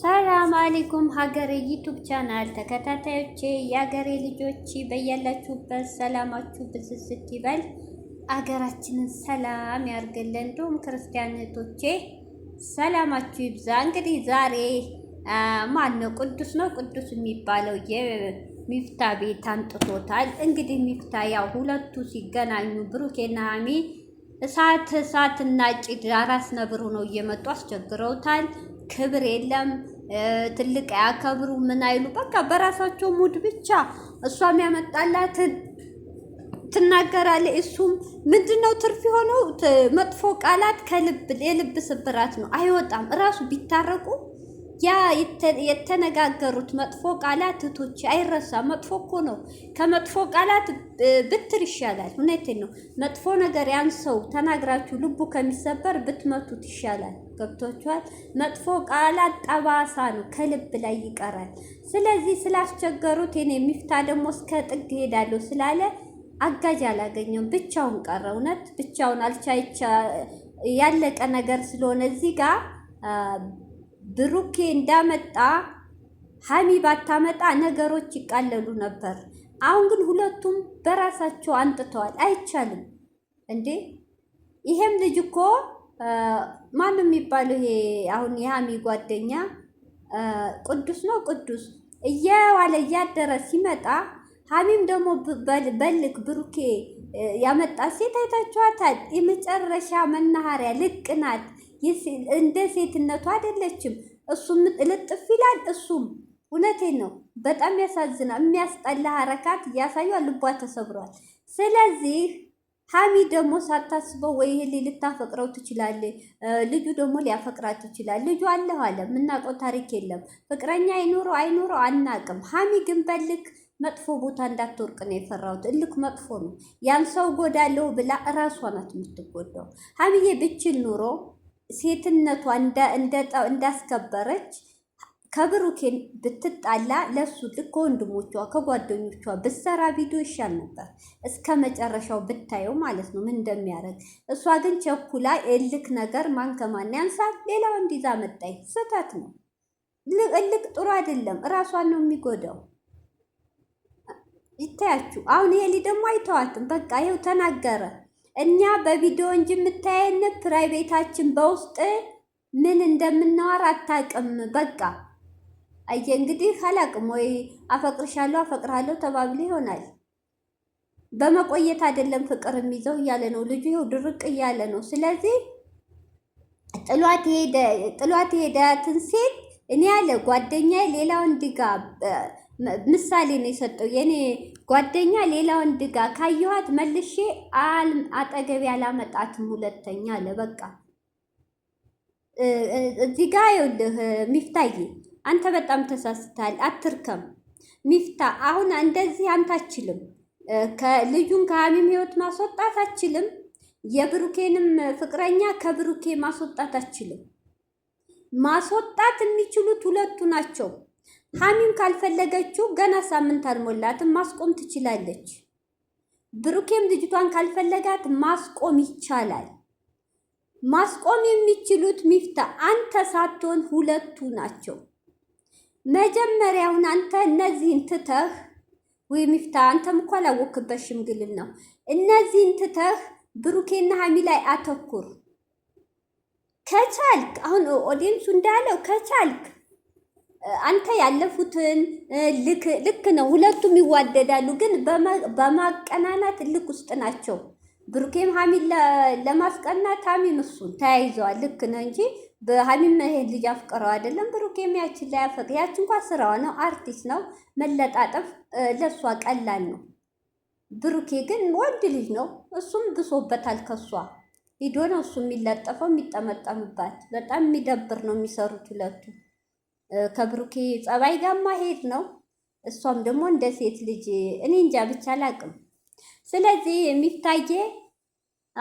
ሰላም አለይኩም ሀገሬ ዩቱብ ቻናል ተከታታዮቼ የሀገሬ ልጆች በያላችሁበት ሰላማችሁ ብዝዝት ይበል። አገራችንን ሰላም ያርግልን። እንዲሁም ክርስቲያን ሰላማችሁ ይብዛ። እንግዲህ ዛሬ ማን ነው ቅዱስ ነው ቅዱስ የሚባለው የሚፍታ ቤት አንጥቶታል እንግዲህ ሚፍታ ያው ሁለቱ ሲገናኙ ብሩኬና ሀሚ እሳት እሳትና ጭድ አራስ ነብሩ ነው እየመጡ አስቸግረውታል። ክብር የለም፣ ትልቅ ያከብሩ ምን አይሉ። በቃ በራሳቸው ሙድ ብቻ እሷም ያመጣላትን ትናገራለች። እሱም ምንድነው ትርፍ የሆነው መጥፎ ቃላት ከልብ የልብ ስብራት ነው፣ አይወጣም። እራሱ ቢታረቁ ያ የተነጋገሩት መጥፎ ቃላት እህቶች አይረሳ መጥፎ እኮ ነው። ከመጥፎ ቃላት ብትር ይሻላል። እውነቴን ነው። መጥፎ ነገር ያን ሰው ተናግራችሁ ልቡ ከሚሰበር ብትመቱት ይሻላል። ገብቶችኋል? መጥፎ ቃላት ጠባሳ ነው፣ ከልብ ላይ ይቀራል። ስለዚህ ስላስቸገሩት ኔ ሚፍታ ደግሞ እስከ ጥግ ሄዳለሁ ስላለ አጋዥ አላገኘም። ብቻውን ቀረ። እውነት ብቻውን አልቻይቻ ያለቀ ነገር ስለሆነ እዚህ ጋር ብሩኬ እንዳመጣ ሀሚ ባታመጣ ነገሮች ይቃለሉ ነበር። አሁን ግን ሁለቱም በራሳቸው አንጥተዋል። አይቻልም እንዴ! ይሄም ልጅ እኮ ማንም የሚባለው ይሄ አሁን የሀሚ ጓደኛ ቅዱስ ነው። ቅዱስ እየዋለ እያደረ ሲመጣ ሀሚም ደግሞ በልክ ብሩኬ ያመጣ ሴት አይታችኋታል። የመጨረሻ መናኸሪያ ልቅ ናት። እንደ ሴትነቱ አይደለችም። እሱም እልጥፍ ይላል። እሱም እውነቴን ነው። በጣም ያሳዝናል። የሚያስጠላ ሀረካት እያሳዩ ልቧ ተሰብሯል። ስለዚህ ሀሚ ደግሞ ሳታስበው ወይ ይሄ ልታፈቅረው ትችላለች፣ ልጁ ደግሞ ሊያፈቅራት ይችላል። ልጁ አለሁ አለ የምናውቀው ታሪክ የለም። ፍቅረኛ አይኖረው አይኖረው አናቅም። ሀሚ ግን በልክ መጥፎ ቦታ እንዳትወርቅ ነው የፈራሁት። እልክ መጥፎ ነው። ያን ሰው ጎዳለው ብላ እራሷ ናት የምትጎዳው። ሀሚዬ ብችል ኑሮ ሴትነቷ እንዳስከበረች ከብሩኬን ብትጣላ ለሱ ልክ ከወንድሞቿ ከጓደኞቿ ብሰራ ቪዲዮ ይሻል ነበር። እስከ መጨረሻው ብታየው ማለት ነው ምን እንደሚያደርግ። እሷ ግን ቸኩላ እልክ ነገር ማን ከማን ያንሳል፣ ሌላ ወንድ ይዛ መጣይ። ስህተት ነው። እልቅ ጥሩ አይደለም። እራሷን ነው የሚጎዳው። ይታያችሁ። አሁን ይሄ ደግሞ አይተዋትም። በቃ ይኸው ተናገረ። እኛ በቪዲዮ እንጂ የምታየን ፕራይቬታችን በውስጥ ምን እንደምናወራ አታውቅም። በቃ አየ እንግዲህ አላውቅም ወይ አፈቅርሻለሁ፣ አፈቅርሃለሁ ተባብሎ ይሆናል። በመቆየት አይደለም ፍቅር የሚይዘው እያለ ነው ልጁ። ይኸው ድርቅ እያለ ነው። ስለዚህ ጥሏት ሄደ ጥሏት የሄዳትን ሴት እኔ ያለ ጓደኛዬ ሌላ ወንድ ጋ ምሳሌ ነው የሰጠው። የኔ ጓደኛ ሌላ ወንድ ጋር ካየኋት መልሼ አጠገቤ አላመጣትም ሁለተኛ አለ። በቃ እዚህ ጋ ይኸውልህ ሚፍታዬ፣ አንተ በጣም ተሳስተሃል። አትርከም ሚፍታ። አሁን እንደዚህ አንተ አችልም፣ ልጁን ከሀሚም ህይወት ማስወጣት አችልም። የብሩኬንም ፍቅረኛ ከብሩኬ ማስወጣት አችልም። ማስወጣት የሚችሉት ሁለቱ ናቸው። ሀሚም ካልፈለገችው ገና ሳምንት አልሞላትም ማስቆም ትችላለች። ብሩኬም ልጅቷን ካልፈለጋት ማስቆም ይቻላል። ማስቆም የሚችሉት ሚፍታ አንተ ሳትሆን ሁለቱ ናቸው። መጀመሪያውን አንተ እነዚህን ትተህ ወይ ሚፍታ አንተም እኮ አላወክበት ሽምግልን ነው። እነዚህን ትተህ ብሩኬና ሀሚ ላይ አተኩር ከቻልክ። አሁን ኦዲየንሱ እንዳለው ከቻልክ አንተ ያለፉትን ልክ ልክ ነው። ሁለቱም ይዋደዳሉ፣ ግን በማቀናናት ልክ ውስጥ ናቸው። ብሩኬም ሀሚን ለማስቀናት ሀሚም እሱን ተያይዘዋል። ልክ ነው እንጂ በሀሚም ይሄን ልጅ አፍቅረው አይደለም። ብሩኬም ያችን ላይ ያፈቅ ያች እንኳ ስራዋ ነው፣ አርቲስት ነው። መለጣጠፍ ለእሷ ቀላል ነው። ብሩኬ ግን ወንድ ልጅ ነው፣ እሱም ብሶበታል። ከሷ ሂዶ ነው እሱ የሚለጠፈው የሚጠመጠምባት። በጣም የሚደብር ነው የሚሰሩት ሁለቱ ከብሩኬ ጸባይ ጋር ማሄድ ነው። እሷም ደግሞ እንደ ሴት ልጅ እኔ እንጃ ብቻ አላቅም። ስለዚህ የሚታየ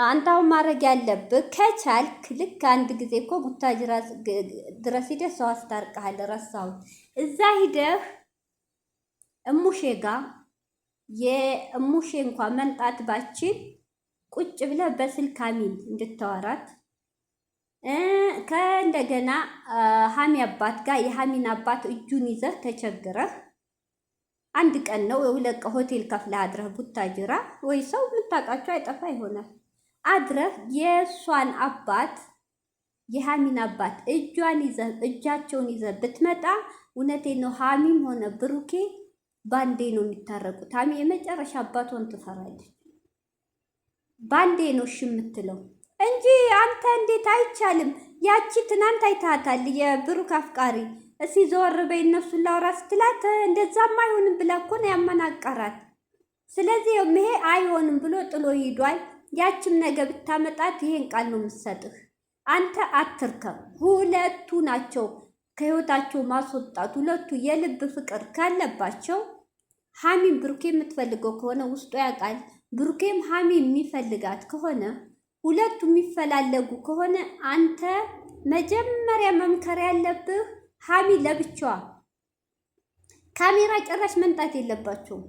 አንታውን ማድረግ ያለብህ ከቻልክ ልክ አንድ ጊዜ እኮ ቡታ ድረስ ሂደህ ሰው አስታርቀሃል፣ ረሳው እዛ ሂደህ እሙሼ ጋር የእሙሼ እንኳን መንጣት ባችል ቁጭ ብለህ በስልክ አሚን እንድታወራት ከእንደገና ሀሚ አባት ጋር የሀሚን አባት እጁን ይዘህ ተቸግረህ አንድ ቀን ነው የሁለት ሆቴል ከፍለህ አድረህ ቡታጅራ ወይ ሰው የምታውቃቸው አይጠፋ ይሆናል አድረህ የእሷን አባት የሀሚን አባት እጇን ይዘህ እጃቸውን ይዘህ ብትመጣ እውነቴ ነው ሀሚም ሆነ ብሩኬ ባንዴ ነው የሚታረቁት። ሀሚ የመጨረሻ አባቷን ትፈራለች። ባንዴ ነው እሺ የምትለው። እንጂ አንተ እንዴት አይቻልም። ያቺ ትናንት አይታታል የብሩክ አፍቃሪ እሲ ዘወር በይ እነሱን ላውራ ስትላት እንደዛም አይሆንም ብላ እኮ ነው ያመናቀራት። ስለዚህ ይሄ አይሆንም ብሎ ጥሎ ሂዷል። ያችም ነገ ብታመጣት ይሄን ቃል ነው የምትሰጥህ፣ አንተ አትርከብ። ሁለቱ ናቸው ከህይወታቸው ማስወጣት። ሁለቱ የልብ ፍቅር ካለባቸው ሀሚም ብሩኬ የምትፈልገው ከሆነ ውስጡ ያውቃል። ብሩኬም ሀሚ የሚፈልጋት ከሆነ ሁለቱ የሚፈላለጉ ከሆነ አንተ መጀመሪያ መምከር ያለብህ ሀሚ ለብቻዋ ካሜራ ጭራሽ መምጣት የለባቸውም።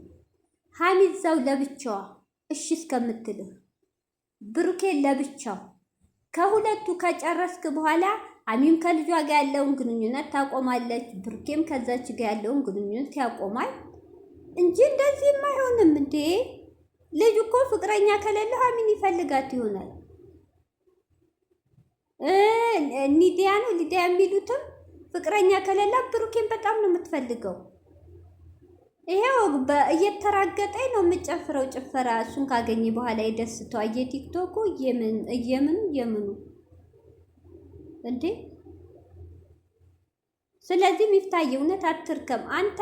ሀሚ እዛው ለብቻዋ እሺ እስከምትልህ ብሩኬ ለብቻው ከሁለቱ ከጨረስክ በኋላ አሚም ከልጇ ጋር ያለውን ግንኙነት ታቆማለች። ብርኬም ከዛች ጋር ያለውን ግንኙነት ያቆማል እንጂ እንደዚህም አይሆንም እንዴ! ልጅ እኮ ፍቅረኛ ከሌለ ሀሚን ይፈልጋት ይሆናል። ኒዲያ ነው ሊዲያ የሚሉትም ፍቅረኛ ከሌላ ብሩኬን በጣም ነው የምትፈልገው። ይሄው እየተራገጠኝ ነው የምጨፍረው ጭፈራ። እሱን ካገኘ በኋላ የደስቷ እየቲክቶኩ እየምኑ እየምኑ እንዴ። ስለዚህ ሚፍታዬ እውነት አትርከም አንተ